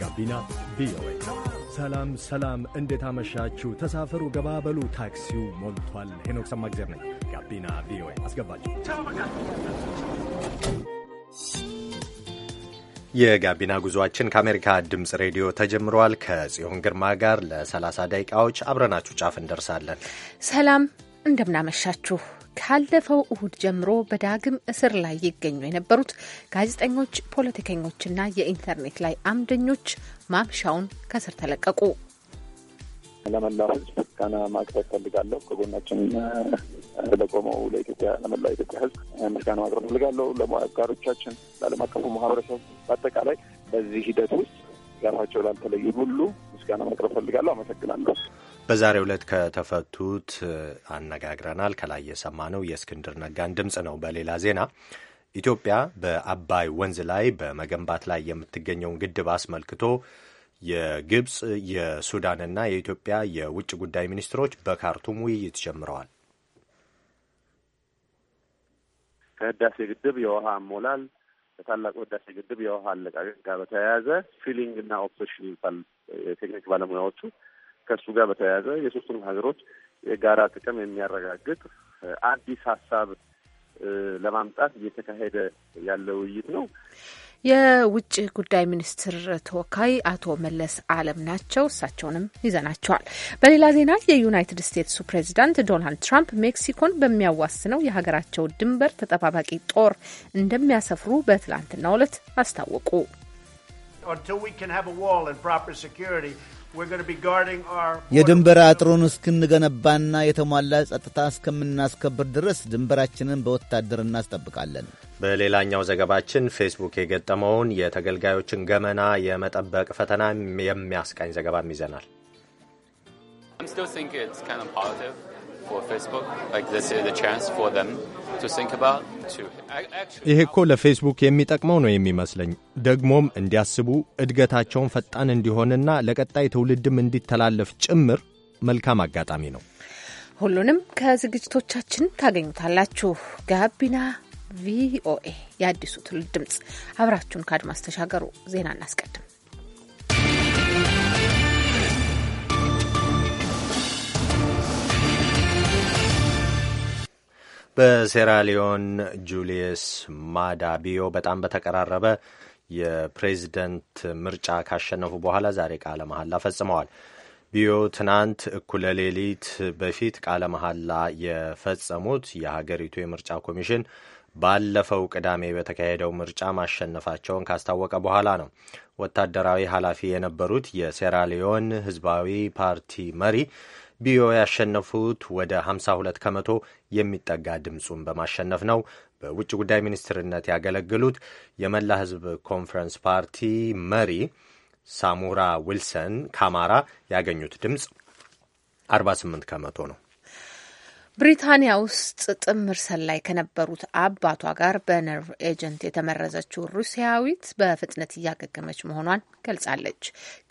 ጋቢና ቪኦኤ። ሰላም ሰላም፣ እንዴት አመሻችሁ? ተሳፈሩ፣ ገባበሉ፣ ታክሲው ሞልቷል። ሄኖክ ሰማግዜር ነኝ። ጋቢና ቪኦኤ አስገባችሁ። የጋቢና ጉዞአችን ከአሜሪካ ድምፅ ሬዲዮ ተጀምረዋል። ከጽዮን ግርማ ጋር ለ30 ደቂቃዎች አብረናችሁ ጫፍ እንደርሳለን። ሰላም እንደምናመሻችሁ ካለፈው እሁድ ጀምሮ በዳግም እስር ላይ ይገኙ የነበሩት ጋዜጠኞች፣ ፖለቲከኞችና የኢንተርኔት ላይ አምደኞች ማምሻውን ከእስር ተለቀቁ። ለመላው ሕዝብ ምስጋና ማቅረብ ፈልጋለሁ። ከጎናችን ለቆመው ለኢትዮጵያ ለመላው ኢትዮጵያ ሕዝብ ምስጋና ማቅረብ ፈልጋለሁ። ለሙያ አጋሮቻችን፣ ለዓለም አቀፉ ማህበረሰብ በአጠቃላይ በዚህ ሂደት ውስጥ ጋራቸው ላልተለዩ ሁሉ ምስጋና ማቅረብ ፈልጋለሁ። አመሰግናለሁ። በዛሬ ዕለት ከተፈቱት አነጋግረናል። ከላይ የሰማነው የእስክንድር ነጋን ድምፅ ነው። በሌላ ዜና ኢትዮጵያ በአባይ ወንዝ ላይ በመገንባት ላይ የምትገኘውን ግድብ አስመልክቶ የግብፅ የሱዳንና የኢትዮጵያ የውጭ ጉዳይ ሚኒስትሮች በካርቱም ውይይት ጀምረዋል። ከህዳሴ ግድብ የውሃ አሞላል ከታላቁ ህዳሴ ግድብ የውሃ አለቃቀቅ ጋር በተያያዘ ፊሊንግ እና ኦፕሬሽን ይባል የቴክኒክ ባለሙያዎቹ ከእሱ ጋር በተያያዘ የሶስቱም ሀገሮች የጋራ ጥቅም የሚያረጋግጥ አዲስ ሀሳብ ለማምጣት እየተካሄደ ያለ ውይይት ነው። የውጭ ጉዳይ ሚኒስትር ተወካይ አቶ መለስ አለም ናቸው። እሳቸውንም ይዘናቸዋል። በሌላ ዜና የዩናይትድ ስቴትሱ ፕሬዚዳንት ዶናልድ ትራምፕ ሜክሲኮን በሚያዋስነው የሀገራቸው ድንበር ተጠባባቂ ጦር እንደሚያሰፍሩ በትላንትናው ዕለት አስታወቁ። የድንበር አጥሩን እስክንገነባና የተሟላ ጸጥታ እስከምናስከብር ድረስ ድንበራችንን በወታደር እናስጠብቃለን። በሌላኛው ዘገባችን ፌስቡክ የገጠመውን የተገልጋዮችን ገመና የመጠበቅ ፈተና የሚያስቃኝ ዘገባም ይዘናል። ይህ እኮ ለፌስቡክ የሚጠቅመው ነው የሚመስለኝ። ደግሞም እንዲያስቡ እድገታቸውን ፈጣን እንዲሆንና ለቀጣይ ትውልድም እንዲተላለፍ ጭምር መልካም አጋጣሚ ነው። ሁሉንም ከዝግጅቶቻችን ታገኙታላችሁ። ጋቢና ቪኦኤ የአዲሱ ትውልድ ድምፅ። አብራችሁን ከአድማስ ተሻገሩ። ዜና እናስቀድም። በሴራሊዮን ጁልየስ ማዳ ቢዮ በጣም በተቀራረበ የፕሬዚደንት ምርጫ ካሸነፉ በኋላ ዛሬ ቃለ መሐላ ፈጽመዋል። ቢዮ ትናንት እኩለ ሌሊት በፊት ቃለ መሐላ የፈጸሙት የሀገሪቱ የምርጫ ኮሚሽን ባለፈው ቅዳሜ በተካሄደው ምርጫ ማሸነፋቸውን ካስታወቀ በኋላ ነው። ወታደራዊ ኃላፊ የነበሩት የሴራሊዮን ህዝባዊ ፓርቲ መሪ ቢዮ ያሸነፉት ወደ 52 ከመቶ የሚጠጋ ድምፁን በማሸነፍ ነው። በውጭ ጉዳይ ሚኒስትርነት ያገለግሉት የመላ ህዝብ ኮንፈረንስ ፓርቲ መሪ ሳሙራ ዊልሰን ካማራ ያገኙት ድምፅ 48 ከመቶ ነው። ብሪታንያ ውስጥ ጥምር ሰላይ ከነበሩት አባቷ ጋር በነርቭ ኤጀንት የተመረዘችው ሩሲያዊት በፍጥነት እያገገመች መሆኗን ገልጻለች።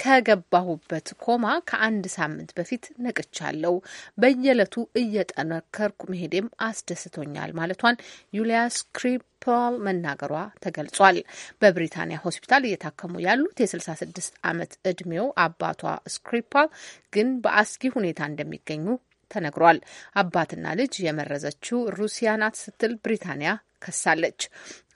ከገባሁበት ኮማ ከአንድ ሳምንት በፊት ነቅቻለሁ፣ በየዕለቱ እየጠነከርኩ መሄዴም አስደስቶኛል ማለቷን ዩሊያ ስክሪፖል መናገሯ ተገልጿል። በብሪታንያ ሆስፒታል እየታከሙ ያሉት የ66 ዓመት ዕድሜው አባቷ ስክሪፖል ግን በአስጊ ሁኔታ እንደሚገኙ ተነግሯል። አባትና ልጅ የመረዘችው ሩሲያ ናት ስትል ብሪታንያ ከሳለች።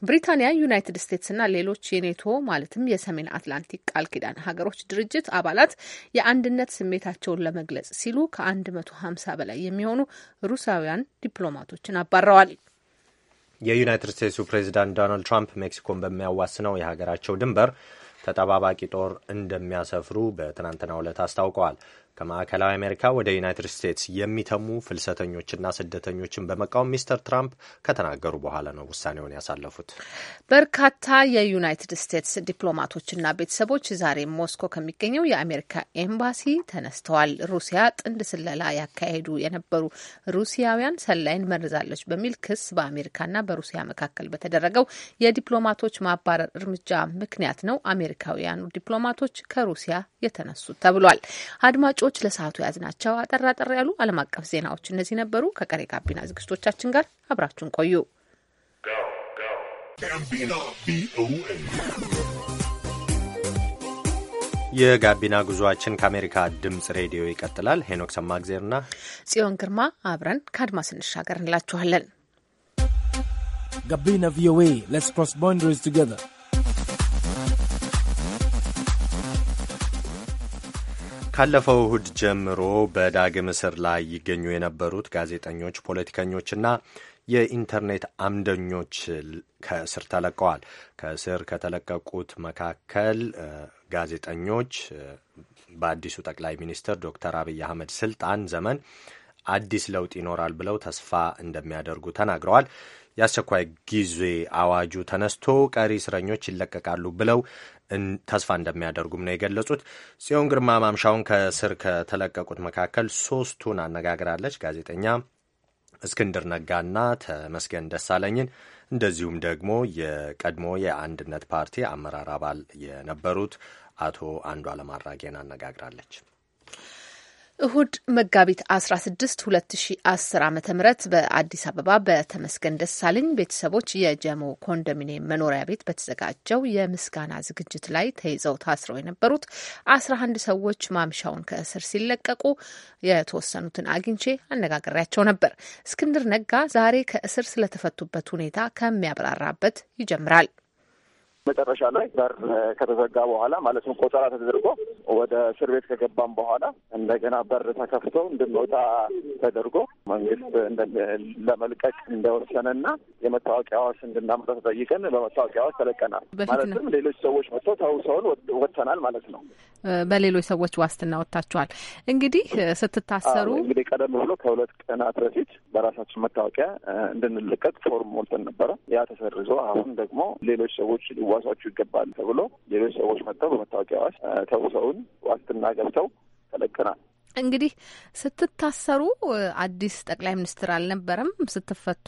ብሪታንያ ዩናይትድ ስቴትስና ሌሎች የኔቶ ማለትም የሰሜን አትላንቲክ ቃል ኪዳን ሀገሮች ድርጅት አባላት የአንድነት ስሜታቸውን ለመግለጽ ሲሉ ከ150 በላይ የሚሆኑ ሩሳውያን ዲፕሎማቶችን አባረዋል። የዩናይትድ ስቴትሱ ፕሬዚዳንት ዶናልድ ትራምፕ ሜክሲኮን በሚያዋስነው የሀገራቸው ድንበር ተጠባባቂ ጦር እንደሚያሰፍሩ በትናንትናው ዕለት አስታውቀዋል። ከማዕከላዊ አሜሪካ ወደ ዩናይትድ ስቴትስ የሚተሙ ፍልሰተኞችና ስደተኞችን በመቃወም ሚስተር ትራምፕ ከተናገሩ በኋላ ነው ውሳኔውን ያሳለፉት። በርካታ የዩናይትድ ስቴትስ ዲፕሎማቶችና ቤተሰቦች ዛሬ ሞስኮ ከሚገኘው የአሜሪካ ኤምባሲ ተነስተዋል። ሩሲያ ጥንድ ስለላ ያካሄዱ የነበሩ ሩሲያውያን ሰላይን መርዛለች በሚል ክስ በአሜሪካና በሩሲያ መካከል በተደረገው የዲፕሎማቶች ማባረር እርምጃ ምክንያት ነው አሜሪካውያኑ ዲፕሎማቶች ከሩሲያ የተነሱት ተብሏል። አድማጮ አድማጮች ለሰዓቱ የያዝናቸው አጠር አጠር ያሉ ዓለም አቀፍ ዜናዎች እነዚህ ነበሩ። ከቀሪ ጋቢና ዝግጅቶቻችን ጋር አብራችሁን ቆዩ። የጋቢና ጉዞአችን ከአሜሪካ ድምጽ ሬዲዮ ይቀጥላል። ሄኖክ ሰማግዜርና ጽዮን ግርማ አብረን ከአድማስ እንሻገር እንላችኋለን። ጋቢና ቪኦኤ ሌትስ ክሮስ ባውንደሪስ ቱጌዘር ካለፈው እሁድ ጀምሮ በዳግም እስር ላይ ይገኙ የነበሩት ጋዜጠኞች፣ ፖለቲከኞችና የኢንተርኔት አምደኞች ከእስር ተለቀዋል። ከእስር ከተለቀቁት መካከል ጋዜጠኞች በአዲሱ ጠቅላይ ሚኒስትር ዶክተር አብይ አህመድ ስልጣን ዘመን አዲስ ለውጥ ይኖራል ብለው ተስፋ እንደሚያደርጉ ተናግረዋል። የአስቸኳይ ጊዜ አዋጁ ተነስቶ ቀሪ እስረኞች ይለቀቃሉ ብለው ተስፋ እንደሚያደርጉም ነው የገለጹት። ጽዮን ግርማ ማምሻውን ከእስር ከተለቀቁት መካከል ሶስቱን አነጋግራለች። ጋዜጠኛ እስክንድር ነጋና ተመስገን ደሳለኝን እንደዚሁም ደግሞ የቀድሞ የአንድነት ፓርቲ አመራር አባል የነበሩት አቶ አንዷ አራጌን አነጋግራለች። እሁድ መጋቢት 16 2010 ዓ ም በአዲስ አበባ በተመስገን ደሳለኝ ቤተሰቦች የጀሞ ኮንዶሚኒየም መኖሪያ ቤት በተዘጋጀው የምስጋና ዝግጅት ላይ ተይዘው ታስረው የነበሩት 11 ሰዎች ማምሻውን ከእስር ሲለቀቁ የተወሰኑትን አግኝቼ አነጋግሬያቸው ነበር። እስክንድር ነጋ ዛሬ ከእስር ስለተፈቱበት ሁኔታ ከሚያብራራበት ይጀምራል። መጨረሻ ላይ በር ከተዘጋ በኋላ ማለት ነው ቆጠራ ተደርጎ ወደ እስር ቤት ከገባም በኋላ እንደገና በር ተከፍቶ እንድንወጣ ተደርጎ መንግስት ለመልቀቅ እንደወሰነና የመታወቂያ አዋሽ እንድናመጣ ተጠይቀን በመታወቂያ ተለቀናል። ማለትም ሌሎች ሰዎች መጥተው ተውሰውን ወጥተናል ማለት ነው። በሌሎች ሰዎች ዋስትና ወጥታችኋል። እንግዲህ ስትታሰሩ እንግዲህ ቀደም ብሎ ከሁለት ቀናት በፊት በራሳችን መታወቂያ እንድንለቀቅ ፎርም ሞልተን ነበረ። ያ ተሰርዞ አሁን ደግሞ ሌሎች ሰዎች ሊዋሷችሁ ይገባል ተብሎ ሌሎች ሰዎች መጥተው በመታወቂያ ተውሰውን ዋስትና ገብተው ተለቀናል። እንግዲህ ስትታሰሩ አዲስ ጠቅላይ ሚኒስትር አልነበረም። ስትፈቱ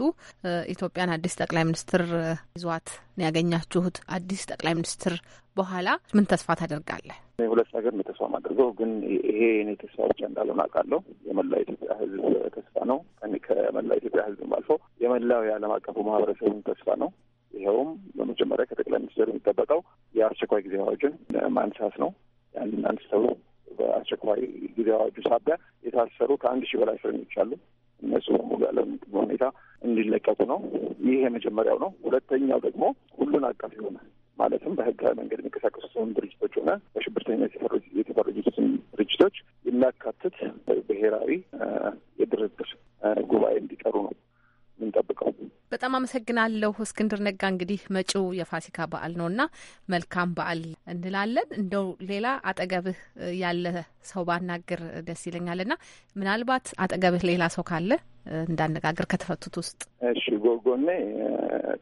ኢትዮጵያን አዲስ ጠቅላይ ሚኒስትር ይዟት ነው ያገኛችሁት። አዲስ ጠቅላይ ሚኒስትር በኋላ ምን ተስፋ ታደርጋለህ? ሁለት ነገር ነው ተስፋ ማድርገው፣ ግን ይሄ እኔ ተስፋ ብቻ እንዳልሆነ አውቃለሁ። የመላ ኢትዮጵያ ሕዝብ ተስፋ ነው። ከመላ ኢትዮጵያ ሕዝብም አልፎ የመላው የዓለም አቀፉ ማህበረሰቡም ተስፋ ነው። ይኸውም በመጀመሪያ ከጠቅላይ ሚኒስትር የሚጠበቀው የአስቸኳይ ጊዜ አዋጁን ማንሳት ነው። ያንን አንስተው በአስቸኳይ ጊዜ አዋጁ ሳቢያ የታሰሩ ከአንድ ሺህ በላይ እስረኞች አሉ። እነሱ በሙሉ ያለ ሁኔታ እንዲለቀቁ ነው። ይህ የመጀመሪያው ነው። ሁለተኛው ደግሞ ሁሉን አቀፍ የሆነ ማለትም በህጋዊ መንገድ የሚንቀሳቀሱ የሚንቀሳቀሱትን ድርጅቶች ሆነ በሽብርተኝነት የተፈረጁትን ድርጅቶች የሚያካትት ብሔራዊ የድርድር ጉባኤ እንዲጠሩ ነው የምንጠብቀው። በጣም አመሰግናለሁ እስክንድር ነጋ። እንግዲህ መጪው የፋሲካ በዓል እና መልካም በዓል እንላለን። እንደው ሌላ አጠገብህ ያለ ሰው ባናግር ደስ ና ምናልባት አጠገብህ ሌላ ሰው ካለ እንዳነጋገር ከተፈቱት ውስጥ እሺ፣ ጎጎኔ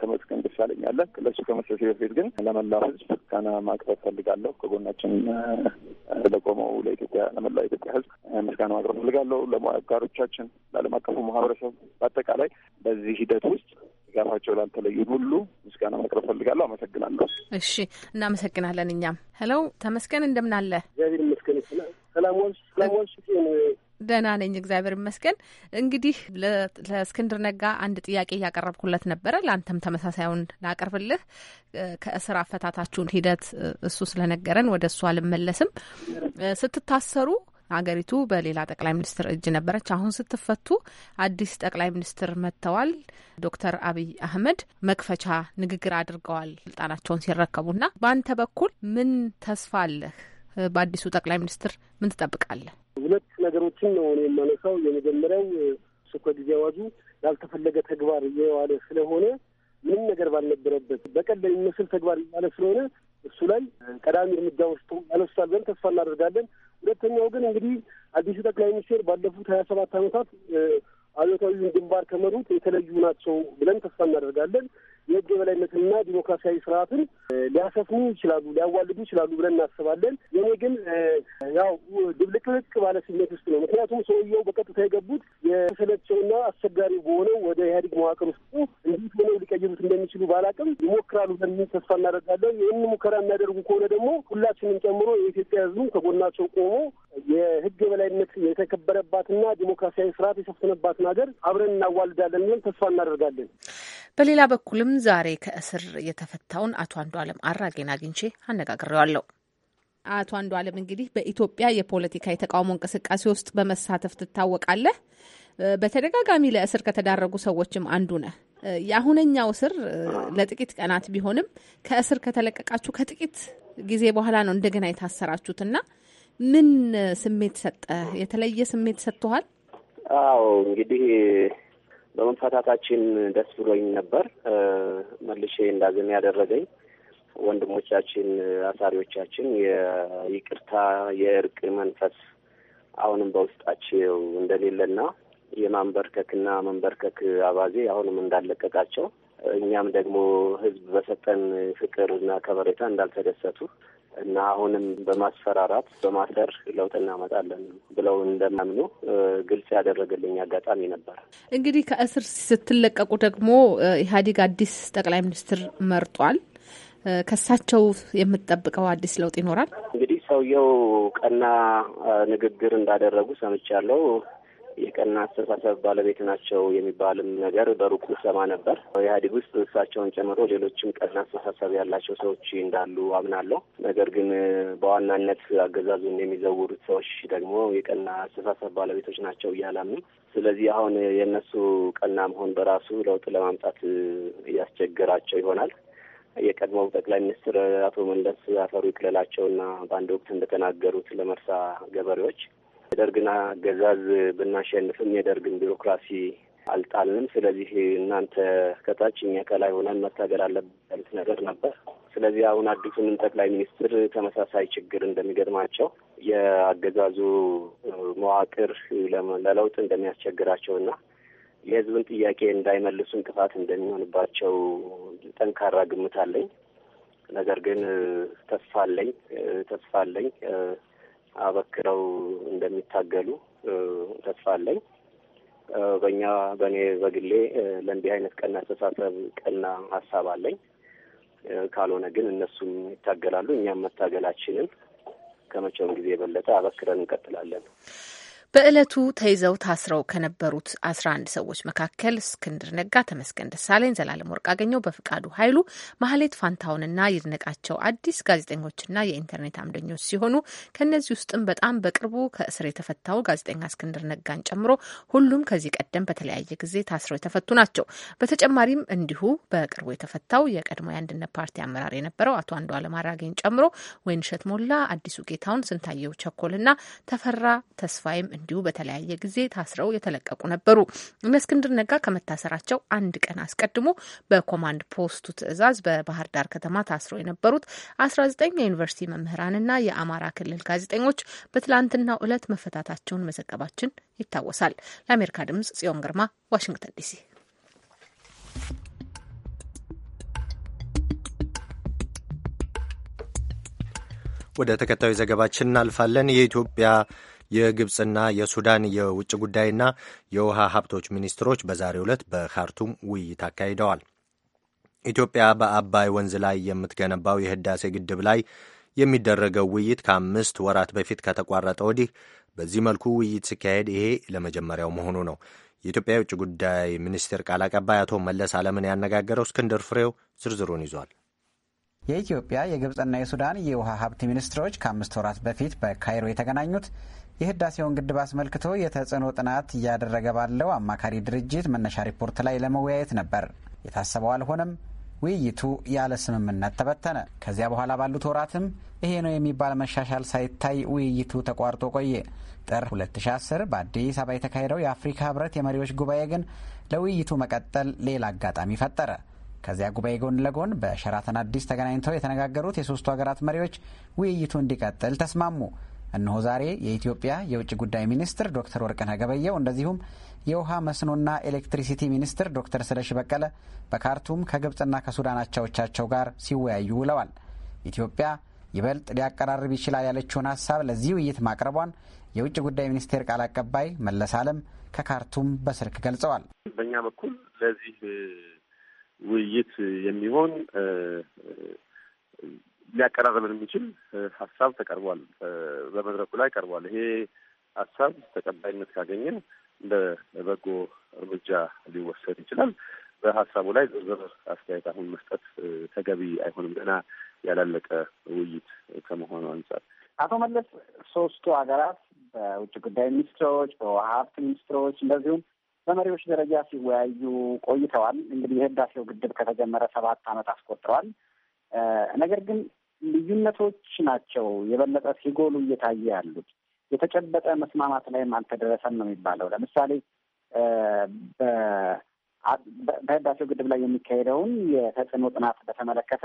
ተመስገን ደስ ያለኛለን። ለሱ ከመስረሴ በፊት ግን ለመላው ሕዝብ ምስጋና ማቅረብ ፈልጋለሁ። ከጎናችን ለቆመው ለኢትዮጵያ ለመላው ኢትዮጵያ ሕዝብ ምስጋና ማቅረብ ፈልጋለሁ። ለሙያ ለአለም ለዓለም አቀፉ ማህበረሰብ በአጠቃላይ በዚህ ሂደት ውስጥ ድጋፋቸው ላልተለዩን ሁሉ ምስጋና ማቅረብ ፈልጋለሁ። አመሰግናለሁ። እሺ፣ እናመሰግናለን። እኛም ሄለው ተመስገን እንደምናለ እግዚአብሔር ይመስገን። ሰላም ወንስ ሰላም ወንስ ደህና ነኝ፣ እግዚአብሔር ይመስገን። እንግዲህ ለእስክንድር ነጋ አንድ ጥያቄ እያቀረብኩለት ነበረ። ለአንተም ተመሳሳዩን ላቀርብልህ። ከእስር አፈታታችሁን ሂደት እሱ ስለነገረን ወደ እሱ አልመለስም። ስትታሰሩ ሀገሪቱ በሌላ ጠቅላይ ሚኒስትር እጅ ነበረች። አሁን ስትፈቱ አዲስ ጠቅላይ ሚኒስትር መጥተዋል። ዶክተር አብይ አህመድ መክፈቻ ንግግር አድርገዋል ስልጣናቸውን ሲረከቡና በአንተ በኩል ምን ተስፋ አለህ? በአዲሱ ጠቅላይ ሚኒስትር ምን ትጠብቃለህ? ሁለት ነገሮችን ነው እኔ የማነሳው። የመጀመሪያው እሱ ጊዜ አዋጁ ያልተፈለገ ተግባር እየዋለ ስለሆነ ምንም ነገር ባልነበረበት በቀል የሚመስል ተግባር እያለ ስለሆነ እሱ ላይ ቀዳሚ እርምጃ ወስዶ ያነሱታል ብለን ተስፋ እናደርጋለን። ሁለተኛው ግን እንግዲህ አዲሱ ጠቅላይ ሚኒስትር ባለፉት ሀያ ሰባት ዓመታት አብዮታዊውን ግንባር ከመሩት የተለዩ ናቸው ብለን ተስፋ እናደርጋለን። የህግ የበላይነትንና ዲሞክራሲያዊ ስርዓትን ሊያሰፍኑ ይችላሉ፣ ሊያዋልዱ ይችላሉ ብለን እናስባለን። የኔ ግን ያው ድብልቅልቅ ባለ ስሜት ውስጥ ነው። ምክንያቱም ሰውየው በቀጥታ የገቡት የተሰለቸውና አስቸጋሪ በሆነው ወደ ኢህአዴግ መዋቅር ውስጡ እንዴት ሆነው ሊቀይሩት እንደሚችሉ ባላቅም ይሞክራሉ በሚል ተስፋ እናደርጋለን። ይህን ሙከራ የሚያደርጉ ከሆነ ደግሞ ሁላችንም ጨምሮ የኢትዮጵያ ህዝቡም ከጎናቸው ቆሞ የህግ የበላይነት የተከበረባትና ዲሞክራሲያዊ ስርዓት የሰፈነባትን ሀገር አብረን እናዋልዳለን ብለን ተስፋ እናደርጋለን። በሌላ በኩልም ዛሬ ከእስር የተፈታውን አቶ አንዱ አለም አራጌን አግኝቼ አነጋግሬዋለሁ። አቶ አንዱ አለም እንግዲህ በኢትዮጵያ የፖለቲካ የተቃውሞ እንቅስቃሴ ውስጥ በመሳተፍ ትታወቃለህ። በተደጋጋሚ ለእስር ከተዳረጉ ሰዎችም አንዱ ነህ። የአሁነኛው እስር ለጥቂት ቀናት ቢሆንም ከእስር ከተለቀቃችሁ ከጥቂት ጊዜ በኋላ ነው እንደገና የታሰራችሁትና ምን ስሜት ሰጠ? የተለየ ስሜት ሰጥቶሃል? አዎ እንግዲህ በመፈታታችን ደስ ብሎኝ ነበር። መልሼ እንዳዘን ያደረገኝ ወንድሞቻችን፣ አሳሪዎቻችን የይቅርታ የእርቅ መንፈስ አሁንም በውስጣቸው እንደሌለና የማንበርከክና መንበርከክ አባዜ አሁንም እንዳለቀቃቸው እኛም ደግሞ ሕዝብ በሰጠን ፍቅርና ከበሬታ እንዳልተደሰቱ እና አሁንም በማስፈራራት በማሰር ለውጥ እናመጣለን ብለው እንደማምኑ ግልጽ ያደረገልኝ አጋጣሚ ነበር። እንግዲህ ከእስር ስትለቀቁ ደግሞ ኢህአዴግ አዲስ ጠቅላይ ሚኒስትር መርጧል። ከሳቸው የምትጠብቀው አዲስ ለውጥ ይኖራል? እንግዲህ ሰውየው ቀና ንግግር እንዳደረጉ ሰምቻለሁ። የቀና አስተሳሰብ ባለቤት ናቸው የሚባልም ነገር በሩቁ ሰማ ነበር። ኢህአዴግ ውስጥ እሳቸውን ጨምሮ ሌሎችም ቀና አስተሳሰብ ያላቸው ሰዎች እንዳሉ አምናለሁ። ነገር ግን በዋናነት አገዛዙን የሚዘውሩት ሰዎች ደግሞ የቀና አስተሳሰብ ባለቤቶች ናቸው እያላምን ስለዚህ አሁን የእነሱ ቀና መሆን በራሱ ለውጥ ለማምጣት እያስቸገራቸው ይሆናል። የቀድሞው ጠቅላይ ሚኒስትር አቶ መለስ አፈሩ ይቅለላቸውና በአንድ ወቅት እንደተናገሩት ለመርሳ ገበሬዎች የደርግን አገዛዝ ብናሸንፍም የደርግን ቢሮክራሲ አልጣልንም። ስለዚህ እናንተ ከታች እኛ ከላይ ሆነን መታገል አለብን ያሉት ነገር ነበር። ስለዚህ አሁን አዲሱንም ጠቅላይ ሚኒስትር ተመሳሳይ ችግር እንደሚገጥማቸው የአገዛዙ መዋቅር ለለውጥ እንደሚያስቸግራቸውና የህዝብን ጥያቄ እንዳይመልሱ እንቅፋት እንደሚሆንባቸው ጠንካራ ግምት አለኝ። ነገር ግን ተስፋ አለኝ ተስፋ አለኝ አበክረው እንደሚታገሉ ተስፋ አለኝ። በእኛ በእኔ በግሌ ለእንዲህ አይነት ቀና አስተሳሰብ ቀና ሀሳብ አለኝ። ካልሆነ ግን እነሱም ይታገላሉ፣ እኛም መታገላችንን ከመቼውም ጊዜ የበለጠ አበክረን እንቀጥላለን። በዕለቱ ተይዘው ታስረው ከነበሩት 11 ሰዎች መካከል እስክንድር ነጋ፣ ተመስገን ደሳለኝ፣ ዘላለም ወርቅ አገኘው፣ በፍቃዱ ኃይሉ፣ ማህሌት ፋንታውንና ይድነቃቸው አዲስ ጋዜጠኞችና የኢንተርኔት አምደኞች ሲሆኑ ከእነዚህ ውስጥም በጣም በቅርቡ ከእስር የተፈታው ጋዜጠኛ እስክንድር ነጋን ጨምሮ ሁሉም ከዚህ ቀደም በተለያየ ጊዜ ታስረው የተፈቱ ናቸው። በተጨማሪም እንዲሁ በቅርቡ የተፈታው የቀድሞ የአንድነት ፓርቲ አመራር የነበረው አቶ አንዱዓለም አራጌን ጨምሮ ወይንሸት ሞላ፣ አዲሱ ጌታውን፣ ስንታየው ቸኮልና ተፈራ ተስፋይም እንዲሁ በተለያየ ጊዜ ታስረው የተለቀቁ ነበሩ። እነ እስክንድር ነጋ ከመታሰራቸው አንድ ቀን አስቀድሞ በኮማንድ ፖስቱ ትዕዛዝ በባህር ዳር ከተማ ታስረው የነበሩት አስራ ዘጠኝ የዩኒቨርሲቲ መምህራንና የአማራ ክልል ጋዜጠኞች በትላንትናው ዕለት መፈታታቸውን መዘገባችን ይታወሳል። ለአሜሪካ ድምጽ ጽዮን ግርማ ዋሽንግተን ዲሲ። ወደ ተከታዩ ዘገባችን እናልፋለን። የኢትዮጵያ የግብፅና የሱዳን የውጭ ጉዳይና የውሃ ሀብቶች ሚኒስትሮች በዛሬው ዕለት በካርቱም ውይይት አካሂደዋል። ኢትዮጵያ በአባይ ወንዝ ላይ የምትገነባው የህዳሴ ግድብ ላይ የሚደረገው ውይይት ከአምስት ወራት በፊት ከተቋረጠ ወዲህ በዚህ መልኩ ውይይት ሲካሄድ ይሄ ለመጀመሪያው መሆኑ ነው። የኢትዮጵያ የውጭ ጉዳይ ሚኒስቴር ቃል አቀባይ አቶ መለስ አለምን ያነጋገረው እስክንድር ፍሬው ዝርዝሩን ይዟል። የኢትዮጵያ የግብፅና የሱዳን የውሃ ሀብት ሚኒስትሮች ከአምስት ወራት በፊት በካይሮ የተገናኙት የህዳሴውን ግድብ አስመልክቶ የተጽዕኖ ጥናት እያደረገ ባለው አማካሪ ድርጅት መነሻ ሪፖርት ላይ ለመወያየት ነበር። የታሰበው አልሆነም። ውይይቱ ያለ ስምምነት ተበተነ። ከዚያ በኋላ ባሉት ወራትም ይሄ ነው የሚባል መሻሻል ሳይታይ ውይይቱ ተቋርጦ ቆየ። ጥር 2010 በአዲስ አበባ የተካሄደው የአፍሪካ ህብረት የመሪዎች ጉባኤ ግን ለውይይቱ መቀጠል ሌላ አጋጣሚ ፈጠረ። ከዚያ ጉባኤ ጎን ለጎን በሸራተን አዲስ ተገናኝተው የተነጋገሩት የሶስቱ ሀገራት መሪዎች ውይይቱ እንዲቀጥል ተስማሙ። እነሆ ዛሬ የኢትዮጵያ የውጭ ጉዳይ ሚኒስትር ዶክተር ወርቅነህ ገበየው እንደዚሁም የውሃ መስኖና ኤሌክትሪሲቲ ሚኒስትር ዶክተር ስለሺ በቀለ በካርቱም ከግብፅና ከሱዳን አቻዎቻቸው ጋር ሲወያዩ ውለዋል። ኢትዮጵያ ይበልጥ ሊያቀራርብ ይችላል ያለችውን ሀሳብ ለዚህ ውይይት ማቅረቧን የውጭ ጉዳይ ሚኒስቴር ቃል አቀባይ መለስ አለም ከካርቱም በስልክ ገልጸዋል። በእኛ በኩል ለዚህ ውይይት የሚሆን ሊያቀራርብን የሚችል ሀሳብ ተቀርቧል፣ በመድረኩ ላይ ቀርቧል። ይሄ ሀሳብ ተቀባይነት ካገኘ እንደ በጎ እርምጃ ሊወሰድ ይችላል። በሀሳቡ ላይ ዝርዝር አስተያየት አሁን መስጠት ተገቢ አይሆንም፣ ገና ያላለቀ ውይይት ከመሆኑ አንጻር። አቶ መለስ ሶስቱ ሀገራት በውጭ ጉዳይ ሚኒስትሮች፣ በውሃ ሀብት ሚኒስትሮች እንደዚሁም በመሪዎች ደረጃ ሲወያዩ ቆይተዋል። እንግዲህ የህዳሴው ግድብ ከተጀመረ ሰባት አመት አስቆጥረዋል። ነገር ግን ልዩነቶች ናቸው የበለጠ ሲጎሉ እየታየ ያሉት። የተጨበጠ መስማማት ላይም አልተደረሰም ነው የሚባለው። ለምሳሌ በህዳሴው ግድብ ላይ የሚካሄደውን የተጽዕኖ ጥናት በተመለከተ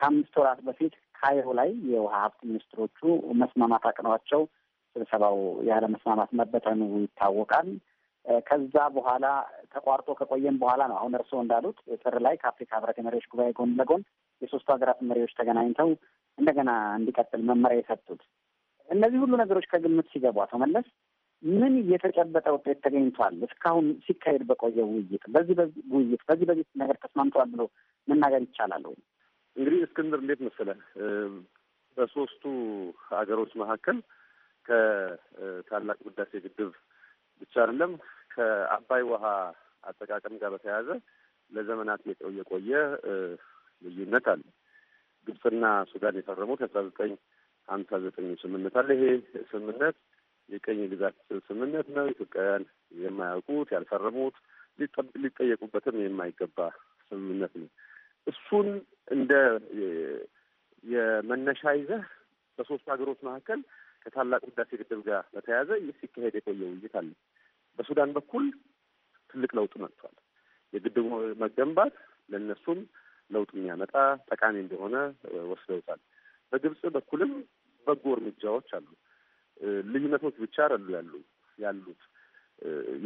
ከአምስት ወራት በፊት ካይሮ ላይ የውሃ ሀብት ሚኒስትሮቹ መስማማት አቅኗቸው ስብሰባው ያለ መስማማት መበተኑ ይታወቃል። ከዛ በኋላ ተቋርጦ ከቆየም በኋላ ነው አሁን እርስዎ እንዳሉት ጥር ላይ ከአፍሪካ ህብረት የመሪዎች ጉባኤ ጎን ለጎን የሶስቱ ሀገራት መሪዎች ተገናኝተው እንደገና እንዲቀጥል መመሪያ የሰጡት። እነዚህ ሁሉ ነገሮች ከግምት ሲገቡ አቶ መለስ ምን የተጨበጠ ውጤት ተገኝቷል? እስካሁን ሲካሄድ በቆየ ውይይት በዚህ በዚህ ውይይት በዚህ በዚህ ነገር ተስማምተዋል ብሎ መናገር ይቻላል ወይ? እንግዲህ እስክንድር እንዴት መሰለህ በሶስቱ ሀገሮች መካከል ከታላቅ ህዳሴ ግድብ ብቻ አይደለም ከአባይ ውሃ አጠቃቀም ጋር በተያያዘ ለዘመናት የቆየ ልዩነት አለ። ግብፅና ሱዳን የፈረሙት አስራ ዘጠኝ ሀምሳ ዘጠኝ ስምምነት አለ። ይሄ ስምምነት የቀኝ ግዛት ስምምነት ነው። ኢትዮጵያውያን የማያውቁት ያልፈረሙት፣ ሊጠየቁበትም የማይገባ ስምምነት ነው። እሱን እንደ የመነሻ ይዘህ በሶስት ሀገሮች መካከል ከታላቅ ህዳሴ ግድብ ጋር በተያያዘ ሲካሄድ የቆየ ውይይት አለ። በሱዳን በኩል ትልቅ ለውጥ መጥቷል። የግድቡ መገንባት ለእነሱም ለውጥ የሚያመጣ ጠቃሚ እንደሆነ ወስደውታል። በግብጽ በኩልም በጎ እርምጃዎች አሉ። ልዩነቶች ብቻ አሉ ያሉ ያሉት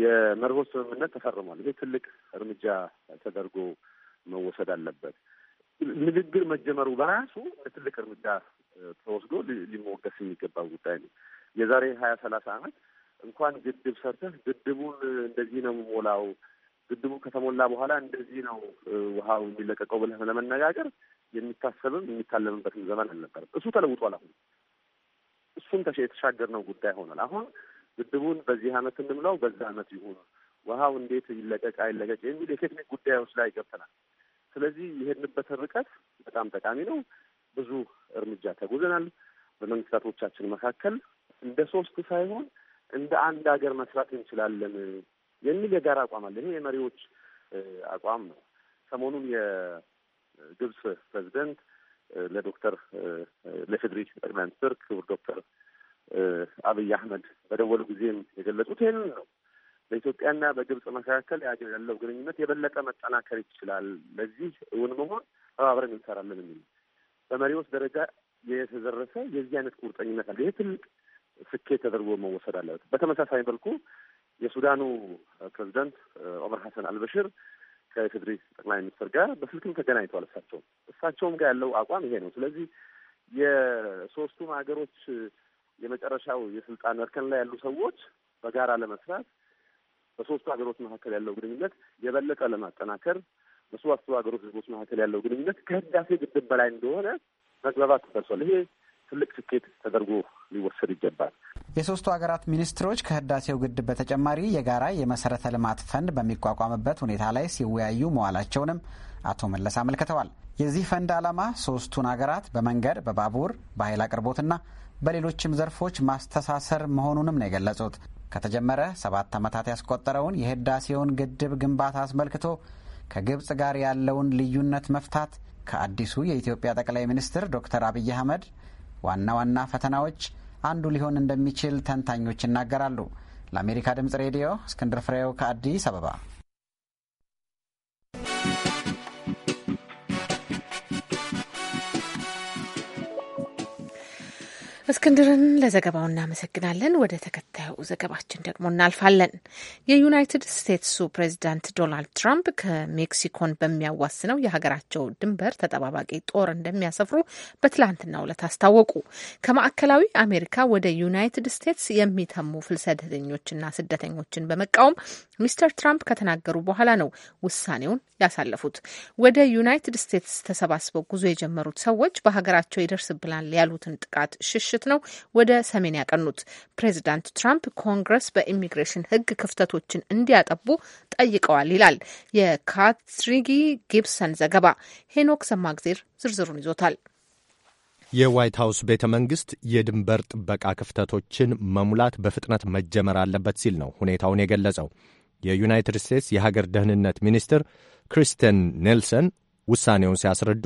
የመርሆች ስምምነት ተፈርሟል። ይሄ ትልቅ እርምጃ ተደርጎ መወሰድ አለበት። ንግግር መጀመሩ በራሱ ትልቅ እርምጃ ተወስዶ ሊሞገስ የሚገባው ጉዳይ ነው። የዛሬ ሀያ ሰላሳ ዓመት እንኳን ግድብ ሰርተህ ግድቡን እንደዚህ ነው የምሞላው፣ ግድቡ ከተሞላ በኋላ እንደዚህ ነው ውሃው የሚለቀቀው ብለህ ለመነጋገር የሚታሰብም የሚታለምበትም ዘመን አልነበርም። እሱ ተለውጧል። አሁን እሱም የተሻገርነው ጉዳይ ሆኗል። አሁን ግድቡን በዚህ አመት እንምለው፣ በዛ አመት ይሁን ውሃው እንዴት ይለቀቅ አይለቀቅ የሚል የቴክኒክ ጉዳዮች ላይ ገብተናል። ስለዚህ የሄድንበትን ርቀት በጣም ጠቃሚ ነው። ብዙ እርምጃ ተጉዘናል። በመንግስታቶቻችን መካከል እንደ ሶስት ሳይሆን እንደ አንድ ሀገር መስራት እንችላለን የሚል የጋራ አቋም አለ። ይሄ የመሪዎች አቋም ነው። ሰሞኑን የግብፅ ፕሬዚደንት ለዶክተር ለፌዴሪ ጠቅላይ ሚኒስትር ክቡር ዶክተር አብይ አህመድ በደወሉ ጊዜም የገለጹት ይህንን ነው። በኢትዮጵያና በግብጽ መካከል ያለው ግንኙነት የበለጠ መጠናከር ይችላል። ለዚህ እውን መሆን ተባብረን እንሰራለን የሚል በመሪዎች ደረጃ የተደረሰ የዚህ አይነት ቁርጠኝነት አለ። ይህ ትልቅ ስኬት ተደርጎ መወሰድ አለበት። በተመሳሳይ መልኩ የሱዳኑ ፕሬዚደንት ኦመር ሀሰን አልበሽር ከኢፌድሪ ጠቅላይ ሚኒስትር ጋር በስልክም ተገናኝተዋል። እሳቸውም እሳቸውም ጋር ያለው አቋም ይሄ ነው። ስለዚህ የሶስቱም ሀገሮች የመጨረሻው የስልጣን እርከን ላይ ያሉ ሰዎች በጋራ ለመስራት በሶስቱ ሀገሮች መካከል ያለው ግንኙነት የበለጠ ለማጠናከር በሶስቱ ሀገሮች ህዝቦች መካከል ያለው ግንኙነት ከህዳሴ ግድብ በላይ እንደሆነ መግባባት ተደርሷል። ይሄ ትልቅ ስኬት ተደርጎ ሊወሰድ ይገባል። የሶስቱ ሀገራት ሚኒስትሮች ከህዳሴው ግድብ በተጨማሪ የጋራ የመሰረተ ልማት ፈንድ በሚቋቋምበት ሁኔታ ላይ ሲወያዩ መዋላቸውንም አቶ መለስ አመልክተዋል። የዚህ ፈንድ ዓላማ ሶስቱን ሀገራት በመንገድ፣ በባቡር፣ በኃይል አቅርቦትና በሌሎችም ዘርፎች ማስተሳሰር መሆኑንም ነው የገለጹት። ከተጀመረ ሰባት ዓመታት ያስቆጠረውን የህዳሴውን ግድብ ግንባታ አስመልክቶ ከግብፅ ጋር ያለውን ልዩነት መፍታት ከአዲሱ የኢትዮጵያ ጠቅላይ ሚኒስትር ዶክተር አብይ አህመድ ዋና ዋና ፈተናዎች አንዱ ሊሆን እንደሚችል ተንታኞች ይናገራሉ። ለአሜሪካ ድምጽ ሬዲዮ እስክንድር ፍሬው ከአዲስ አበባ እስክንድርን ለዘገባው እናመሰግናለን። ወደ ተከታዩ ዘገባችን ደግሞ እናልፋለን። የዩናይትድ ስቴትሱ ፕሬዚዳንት ዶናልድ ትራምፕ ከሜክሲኮን በሚያዋስነው የሀገራቸው ድንበር ተጠባባቂ ጦር እንደሚያሰፍሩ በትላንትናው ዕለት አስታወቁ። ከማዕከላዊ አሜሪካ ወደ ዩናይትድ ስቴትስ የሚተሙ ፍልሰተኞችና ስደተኞችን በመቃወም ሚስተር ትራምፕ ከተናገሩ በኋላ ነው ውሳኔውን ያሳለፉት። ወደ ዩናይትድ ስቴትስ ተሰባስበው ጉዞ የጀመሩት ሰዎች በሀገራቸው ይደርስብናል ያሉትን ጥቃት ሽሽ ምሽት ነው ወደ ሰሜን ያቀኑት። ፕሬዚዳንት ትራምፕ ኮንግረስ በኢሚግሬሽን ህግ ክፍተቶችን እንዲያጠቡ ጠይቀዋል ይላል የካትሪጊ ጊብሰን ዘገባ። ሄኖክ ሰማግዜር ዝርዝሩን ይዞታል። የዋይት ሀውስ ቤተ መንግስት የድንበር ጥበቃ ክፍተቶችን መሙላት በፍጥነት መጀመር አለበት ሲል ነው ሁኔታውን የገለጸው። የዩናይትድ ስቴትስ የሀገር ደህንነት ሚኒስትር ክሪስቲን ኔልሰን ውሳኔውን ሲያስረዱ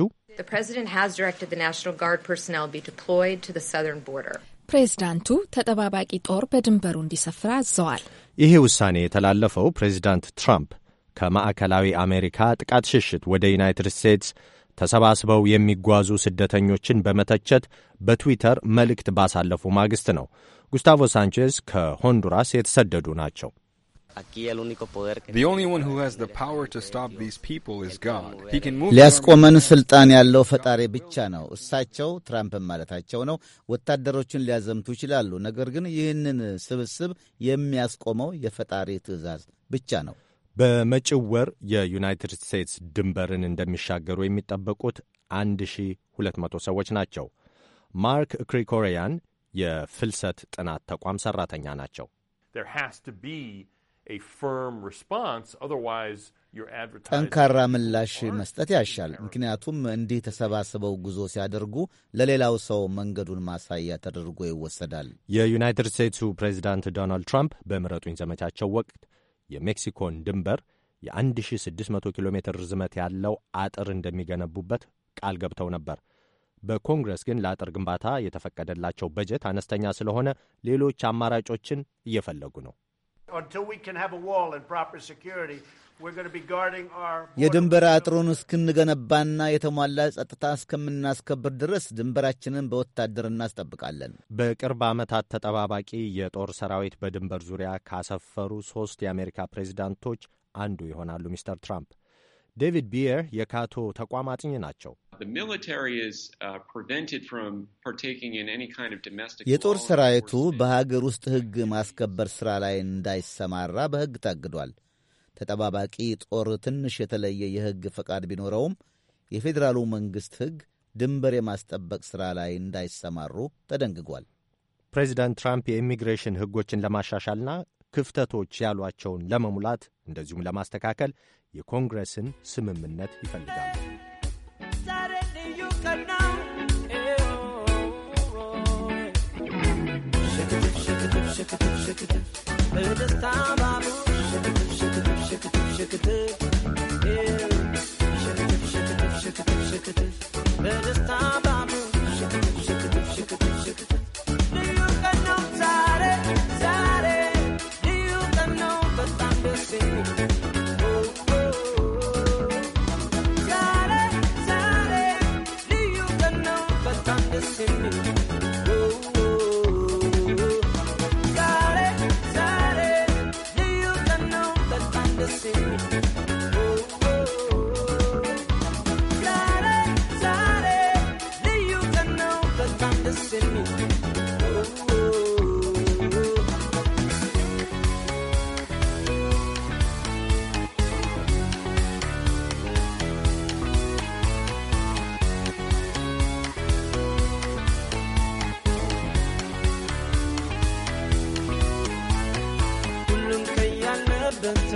ፕሬዝዳንቱ ተጠባባቂ ጦር በድንበሩ እንዲሰፍራ አዘዋል። ይሄ ውሳኔ የተላለፈው ፕሬዝዳንት ትራምፕ ከማዕከላዊ አሜሪካ ጥቃት ሽሽት ወደ ዩናይትድ ስቴትስ ተሰባስበው የሚጓዙ ስደተኞችን በመተቸት በትዊተር መልእክት ባሳለፉ ማግስት ነው። ጉስታቮ ሳንቼዝ ከሆንዱራስ የተሰደዱ ናቸው። ሊያስቆመን ስልጣን ያለው ፈጣሪ ብቻ ነው። እሳቸው ትራምፕን ማለታቸው ነው። ወታደሮቹን ሊያዘምቱ ይችላሉ። ነገር ግን ይህንን ስብስብ የሚያስቆመው የፈጣሪ ትዕዛዝ ብቻ ነው። በመጪው ወር የዩናይትድ ስቴትስ ድንበርን እንደሚሻገሩ የሚጠበቁት 1200 ሰዎች ናቸው። ማርክ ክሪኮሪያን የፍልሰት ጥናት ተቋም ሠራተኛ ናቸው። ጠንካራ ምላሽ መስጠት ያሻል። ምክንያቱም እንዲህ ተሰባስበው ጉዞ ሲያደርጉ ለሌላው ሰው መንገዱን ማሳያ ተደርጎ ይወሰዳል። የዩናይትድ ስቴትሱ ፕሬዚዳንት ዶናልድ ትራምፕ በምረጡኝ ዘመቻቸው ወቅት የሜክሲኮን ድንበር የ1600 ኪሎ ሜትር ርዝመት ያለው አጥር እንደሚገነቡበት ቃል ገብተው ነበር። በኮንግረስ ግን ለአጥር ግንባታ የተፈቀደላቸው በጀት አነስተኛ ስለሆነ ሌሎች አማራጮችን እየፈለጉ ነው። የድንበር አጥሩን እስክንገነባና የተሟላ ጸጥታ እስከምናስከብር ድረስ ድንበራችንን በወታደር እናስጠብቃለን። በቅርብ ዓመታት ተጠባባቂ የጦር ሰራዊት በድንበር ዙሪያ ካሰፈሩ ሦስት የአሜሪካ ፕሬዚዳንቶች አንዱ ይሆናሉ ሚስተር ትራምፕ። ዴቪድ ቢየር የካቶ ተቋም አጥኚ ናቸው። uh, የጦር ሰራዊቱ በሀገር ውስጥ ሕግ ማስከበር ሥራ ላይ እንዳይሰማራ በሕግ ታግዷል። ተጠባባቂ ጦር ትንሽ የተለየ የሕግ ፈቃድ ቢኖረውም የፌዴራሉ መንግሥት ሕግ ድንበር የማስጠበቅ ሥራ ላይ እንዳይሰማሩ ተደንግጓል። ፕሬዚዳንት ትራምፕ የኢሚግሬሽን ሕጎችን ለማሻሻልና ክፍተቶች ያሏቸውን ለመሙላት እንደዚሁም ለማስተካከል የኮንግረስን ስምምነት ይፈልጋሉ። በደስታ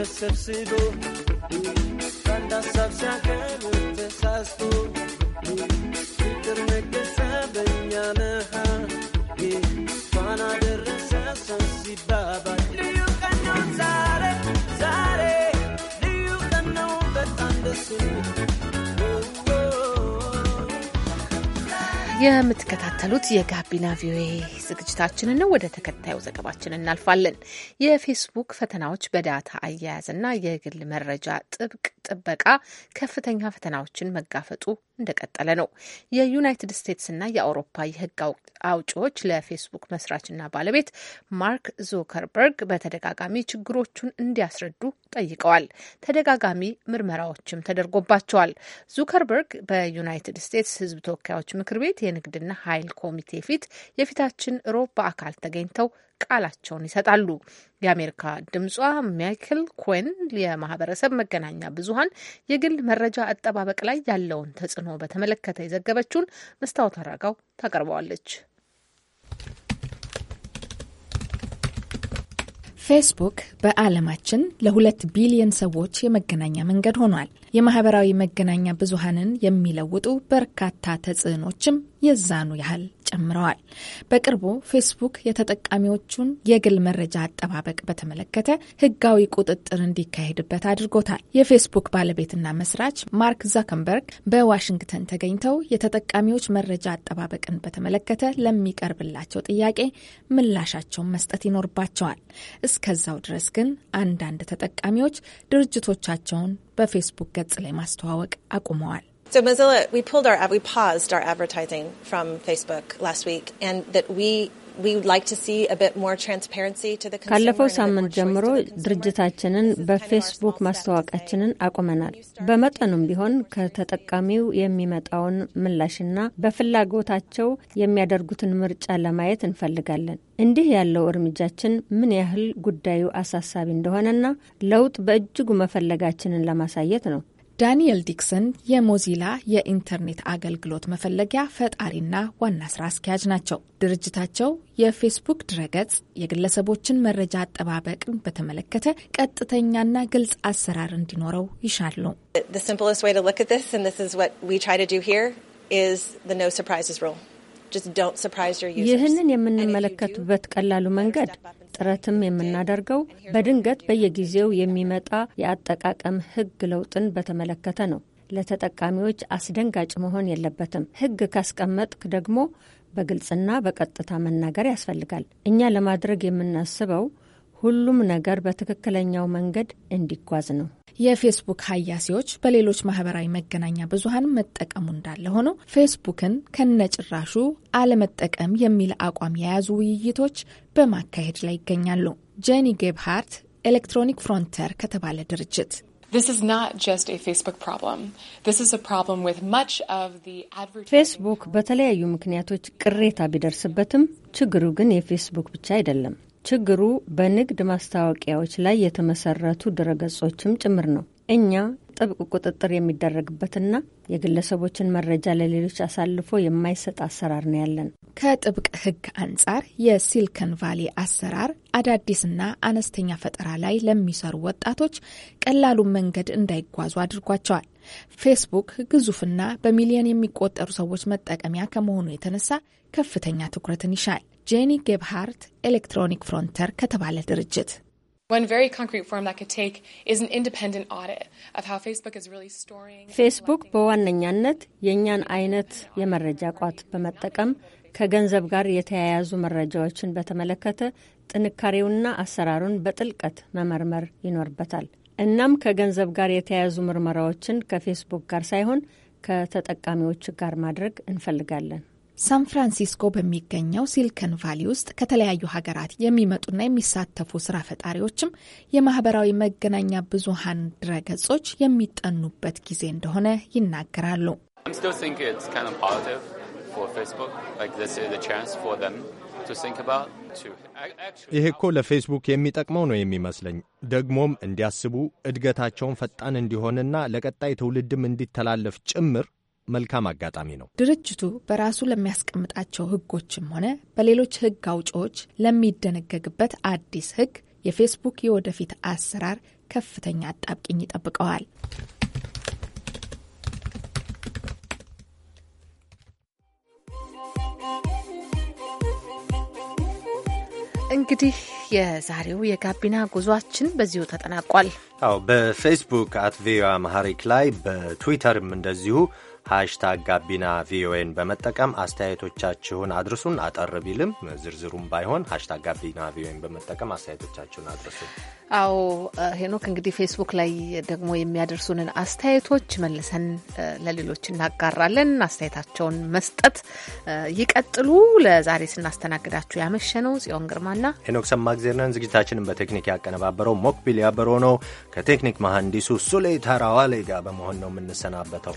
sepsido y sapsa kelu tesastu que የምትከታተሉት የጋቢና ቪኦኤ ዝግጅታችንን ነው። ወደ ተከታዩ ዘገባችን እናልፋለን። የፌስቡክ ፈተናዎች በዳታ አያያዝና የግል መረጃ ጥብቅ ጥበቃ ከፍተኛ ፈተናዎችን መጋፈጡ እንደቀጠለ ነው። የዩናይትድ ስቴትስና የአውሮፓ የህግ አውጪዎች ለፌስቡክ መስራችና ባለቤት ማርክ ዙከርበርግ በተደጋጋሚ ችግሮቹን እንዲያስረዱ ጠይቀዋል። ተደጋጋሚ ምርመራዎችም ተደርጎባቸዋል። ዙከርበርግ በዩናይትድ ስቴትስ ህዝብ ተወካዮች ምክር ቤት የንግድና ኃይል ኮሚቴ ፊት የፊታችን ሮብ በአካል ተገኝተው ቃላቸውን ይሰጣሉ። የአሜሪካ ድምጿ ማይክል ኮን የማህበረሰብ መገናኛ ብዙሀን የግል መረጃ አጠባበቅ ላይ ያለውን ተጽዕኖ በተመለከተ የዘገበችውን መስታወት አራጋው ታቀርበዋለች። ፌስቡክ በዓለማችን ለሁለት ቢሊዮን ሰዎች የመገናኛ መንገድ ሆኗል። የማህበራዊ መገናኛ ብዙሃንን የሚለውጡ በርካታ ተጽዕኖችም የዛኑ ያህል ጨምረዋል። በቅርቡ ፌስቡክ የተጠቃሚዎቹን የግል መረጃ አጠባበቅ በተመለከተ ሕጋዊ ቁጥጥር እንዲካሄድበት አድርጎታል። የፌስቡክ ባለቤትና መስራች ማርክ ዛከንበርግ በዋሽንግተን ተገኝተው የተጠቃሚዎች መረጃ አጠባበቅን በተመለከተ ለሚቀርብላቸው ጥያቄ ምላሻቸውን መስጠት ይኖርባቸዋል። እስከዛው ድረስ ግን አንዳንድ ተጠቃሚዎች ድርጅቶቻቸውን በፌስቡክ ገጽ ላይ ማስተዋወቅ አቁመዋል። So Mozilla, we pulled our we paused our advertising from Facebook last week, and that we. ካለፈው ሳምንት ጀምሮ ድርጅታችንን በፌስቡክ ማስተዋወቃችንን አቁመናል። በመጠኑም ቢሆን ከተጠቃሚው የሚመጣውን ምላሽና በፍላጎታቸው የሚያደርጉትን ምርጫ ለማየት እንፈልጋለን። እንዲህ ያለው እርምጃችን ምን ያህል ጉዳዩ አሳሳቢ እንደሆነና ለውጥ በእጅጉ መፈለጋችንን ለማሳየት ነው። ዳንኤል ዲክሰን የሞዚላ የኢንተርኔት አገልግሎት መፈለጊያ ፈጣሪና ዋና ስራ አስኪያጅ ናቸው። ድርጅታቸው የፌስቡክ ድረገጽ የግለሰቦችን መረጃ አጠባበቅን በተመለከተ ቀጥተኛና ግልጽ አሰራር እንዲኖረው ይሻሉ። The simplest way to look at this, and this is what we try to do here, is the no surprises rule. ይህንን የምንመለከትበት ቀላሉ መንገድ ጥረትም የምናደርገው በድንገት በየጊዜው የሚመጣ የአጠቃቀም ሕግ ለውጥን በተመለከተ ነው። ለተጠቃሚዎች አስደንጋጭ መሆን የለበትም። ሕግ ካስቀመጥክ ደግሞ በግልጽና በቀጥታ መናገር ያስፈልጋል። እኛ ለማድረግ የምናስበው ሁሉም ነገር በትክክለኛው መንገድ እንዲጓዝ ነው። የፌስቡክ ሀያሴዎች በሌሎች ማህበራዊ መገናኛ ብዙሀን መጠቀሙ እንዳለ ሆነው ፌስቡክን ከነጭራሹ አለመጠቀም የሚል አቋም የያዙ ውይይቶች በማካሄድ ላይ ይገኛሉ። ጄኒ ጌብሃርት ኤሌክትሮኒክ ፍሮንተር ከተባለ ድርጅት ፌስቡክ በተለያዩ ምክንያቶች ቅሬታ ቢደርስበትም ችግሩ ግን የፌስቡክ ብቻ አይደለም። ችግሩ በንግድ ማስታወቂያዎች ላይ የተመሰረቱ ድረገጾችም ጭምር ነው። እኛ ጥብቅ ቁጥጥር የሚደረግበትና የግለሰቦችን መረጃ ለሌሎች አሳልፎ የማይሰጥ አሰራር ነው ያለን። ከጥብቅ ሕግ አንጻር የሲልከን ቫሌ አሰራር አዳዲስና አነስተኛ ፈጠራ ላይ ለሚሰሩ ወጣቶች ቀላሉን መንገድ እንዳይጓዙ አድርጓቸዋል። ፌስቡክ ግዙፍና በሚሊዮን የሚቆጠሩ ሰዎች መጠቀሚያ ከመሆኑ የተነሳ ከፍተኛ ትኩረትን ይሻል። ጄኒ ጌብሃርት ኤሌክትሮኒክ ፍሮንተር ከተባለ ድርጅት ፌስቡክ በዋነኛነት የእኛን አይነት የመረጃ ቋት በመጠቀም ከገንዘብ ጋር የተያያዙ መረጃዎችን በተመለከተ ጥንካሬውና አሰራሩን በጥልቀት መመርመር ይኖርበታል። እናም ከገንዘብ ጋር የተያያዙ ምርመራዎችን ከፌስቡክ ጋር ሳይሆን ከተጠቃሚዎች ጋር ማድረግ እንፈልጋለን። ሳን ፍራንሲስኮ በሚገኘው ሲልከን ቫሊ ውስጥ ከተለያዩ ሀገራት የሚመጡና የሚሳተፉ ስራ ፈጣሪዎችም የማህበራዊ መገናኛ ብዙሃን ድረገጾች የሚጠኑበት ጊዜ እንደሆነ ይናገራሉ። ይህ እኮ ለፌስቡክ የሚጠቅመው ነው የሚመስለኝ። ደግሞም እንዲያስቡ እድገታቸውን ፈጣን እንዲሆንና ለቀጣይ ትውልድም እንዲተላለፍ ጭምር መልካም አጋጣሚ ነው። ድርጅቱ በራሱ ለሚያስቀምጣቸው ህጎችም ሆነ በሌሎች ህግ አውጪዎች ለሚደነገግበት አዲስ ህግ የፌስቡክ የወደፊት አሰራር ከፍተኛ አጣብቂኝ ይጠብቀዋል። እንግዲህ የዛሬው የጋቢና ጉዟችን በዚሁ ተጠናቋል። አዎ በፌስቡክ አት ቪኦኤ አማሃሪክ ላይ በትዊተርም እንደዚሁ ሃሽታግ ጋቢና ቪኦኤን በመጠቀም አስተያየቶቻችሁን አድርሱን። አጠር ቢልም ዝርዝሩም ባይሆን ሃሽታግ ጋቢና ቪኦኤን በመጠቀም አስተያየቶቻችሁን አድርሱን። አዎ ሄኖክ፣ እንግዲህ ፌስቡክ ላይ ደግሞ የሚያደርሱንን አስተያየቶች መልሰን ለሌሎች እናጋራለን። አስተያየታቸውን መስጠት ይቀጥሉ። ለዛሬ ስናስተናግዳችሁ ያመሸነው ጽዮን ግርማና ሄኖክ ሰማግዜርነን፣ ዝግጅታችንን በቴክኒክ ያቀነባበረው ሞክቢል ያበሮ ነው ከቴክኒክ መሐንዲሱ ሱሌ ታራዋሌ ጋር በመሆን ነው የምንሰናበተው።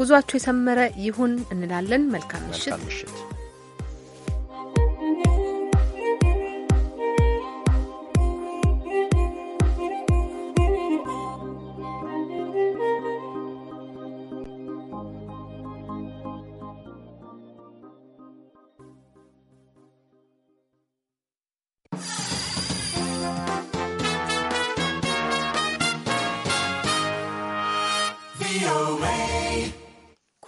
ጉዟችሁ የሰመረ ይሁን እንላለን። መልካም ምሽት።